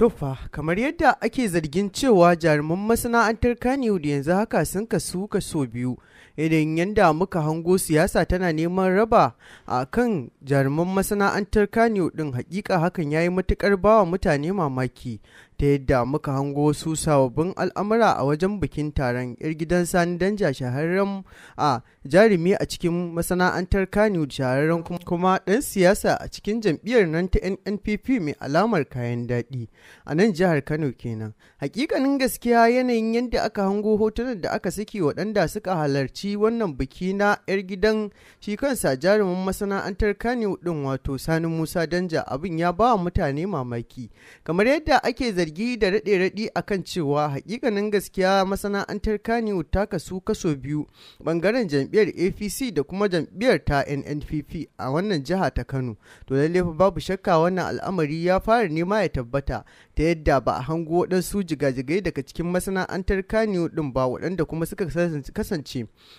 tofa kamar yadda ake zargin cewa jaruman masana'antar da yanzu haka sun kasu kaso biyu, idan yadda muka hango siyasa tana neman raba a kan jaruman masana'antar Kannywood din hakika hakan ya yi matukar bawa mutane mamaki, ta yadda muka hango su sababbin al'amura a wajen bikin taron yar gidan sani danja shahararren a jarumi a cikin masana'antar kanu shahararren kuma ɗan siyasa a cikin jam'iyyar nan ta nnpp mai alamar kayan daɗi a nan jihar kano kenan hakikanin gaskiya yanayin yadda aka hango hotunan da aka saki waɗanda suka halarci wannan biki na yar gidan shi kansa jarumin masana'antar kanu ɗin wato sani musa danja abin ya ba mutane mamaki kamar yadda ake zargi zargi da raɗe-raɗi a kan cewa hakikanin gaskiya masana'antar kaniwu ta kasu kaso biyu bangaren jam'iyyar APC da kuma jam'iyyar ta NNPP a wannan jiha ta Kano. To lalle fa babu shakka wannan al'amari ya fara nema ya tabbata ta yadda ba a hango waɗansu jigajigai daga cikin masana'antar kaniwu ɗin ba waɗanda kuma suka kasance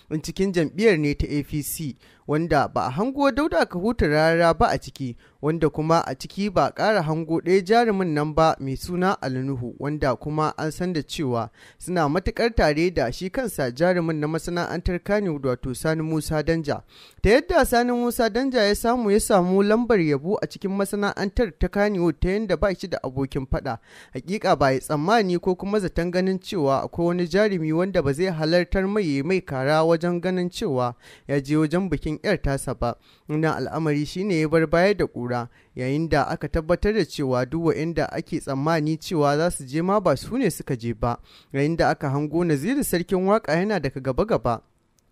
in cikin jam'iyyar ne ta APC wanda ba a hango dauda ka huta rara ba a ciki wanda kuma a ciki ba ƙara hango ɗaya jarumin nan ba mai suna alnuhu wanda kuma an san da cewa suna matukar tare da shi kansa jarumin na masana'antar kano wato sani musa danja ta yadda sani musa danja ya samu ya samu lambar yabo a cikin masana'antar ta kano ta yadda ba shi da abokin faɗa hakika ba ya tsammani ko kuma zaton ganin cewa akwai wani jarumi wanda ba zai halartar mai mai kara wajen ganin cewa ya je wajen bikin 'yar tasa ba. Wannan al'amari shine ya bar baya da ƙura ƙura yayin da aka tabbatar da cewa duk waɗanda ake tsammani cewa za su je ma ba su ne suka je ba yayin da aka hango naziru sarkin waka yana daga gaba-gaba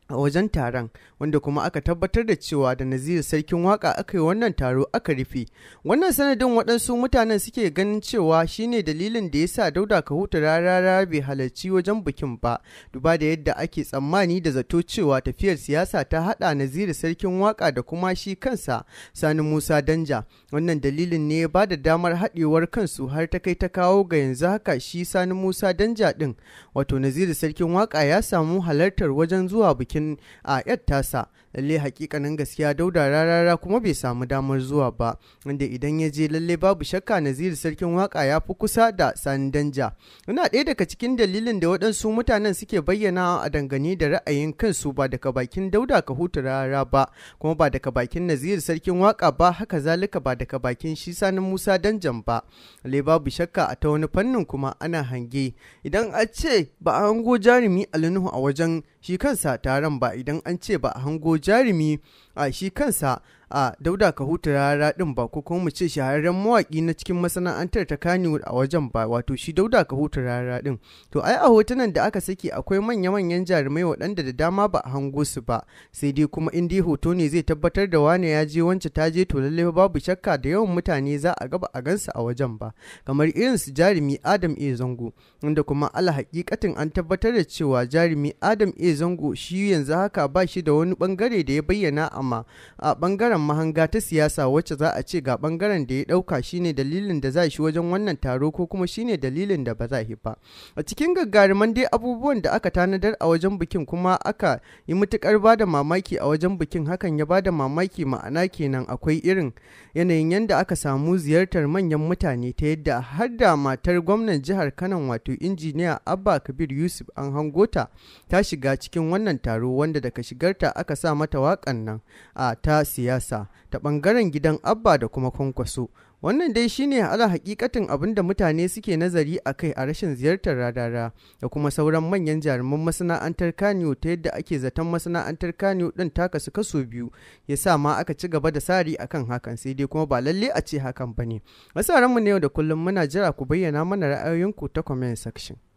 a wajen taron wanda kuma aka tabbatar da cewa da naziru sarkin waka aka yi wannan taro aka rufe wannan sanadin waɗansu mutanen suke ganin cewa shine dalilin da ya sa dauda kahuta rarara bai halarci wajen bikin ba duba da yadda ake tsammani da zato cewa tafiyar siyasa ta haɗa naziru sarkin waka da kuma shi kansa sani musa danja wannan dalilin ne ba da damar haɗewar kansu har ta kai ta kawo ga yanzu haka shi sani musa danja ɗin wato naziru sarkin waka ya samu halartar wajen zuwa bikin cikin a yar tasa lalle hakikanin gaskiya dauda rarara kuma bai samu damar zuwa ba wanda idan ya je lalle babu shakka naziri sarkin waka ya fi kusa da sani danja ina ɗaya daga cikin dalilin da waɗansu mutanen suke bayyana a dangane da ra'ayin kansu ba daga bakin dauda ka hutu rarara ba kuma ba daga bakin naziri sarkin waka ba haka zalika ba daga bakin shi sanin musa danjan ba lalle babu shakka a ta wani fannin kuma ana hange idan a ce ba a hango jarumi alinuhu a wajen shi kansa taron ba idan an ce ba a hango jarumi a shi kansa a dauda ka huta rara din ba ko kuma mu ce shahararren mawaki na cikin masana'antar ta kaniwood a wajen ba wato shi dauda ka huta rara din to ai a hotunan da aka saki akwai manya-manyan jarumai waɗanda da dama ba a hango su ba sai dai kuma in dai hoto ne zai tabbatar da wane ya je wance ta je to lallai babu shakka da yawan mutane za a gaba a gansu a wajen ba kamar irin su jarumi adam a zango wanda kuma ala hakikatin an tabbatar da cewa jarumi adam a zango shi yanzu haka ba shi da wani bangare da ya bayyana amma a bangaren bangaren mahanga ta siyasa wacce za a ce ga bangaren da ya ɗauka shine dalilin da za shi wajen wannan taro ko kuma shine dalilin da ba za yi ba a cikin gaggariman dai abubuwan da aka tanadar a wajen bikin kuma aka yi matukar bada mamaki a wajen bikin hakan ya ba da mamaki ma'ana kenan akwai irin yanayin yadda aka samu ziyartar manyan mutane ta yadda har da matar gwamnan jihar kano wato injiniya abba kabir yusuf an hangota ta shiga cikin wannan taro wanda daga shigarta aka sa mata waƙan nan a ta siyasa siyasa ta ɓangaren gidan Abba da kuma Kwankwaso. Wannan dai shine ala hakikatin abin da mutane suke nazari a kai a rashin ziyartar radara da kuma sauran manyan jaruman masana'antar Kano ta yadda ake zaton masana'antar Kano ɗin ta kasu kaso biyu ya sa ma aka ci gaba da sari akan hakan sai dai kuma ba lalle a ce hakan ba ne. Masaranmu ne yau da kullum muna jira ku bayyana mana ra'ayoyinku ta comment section.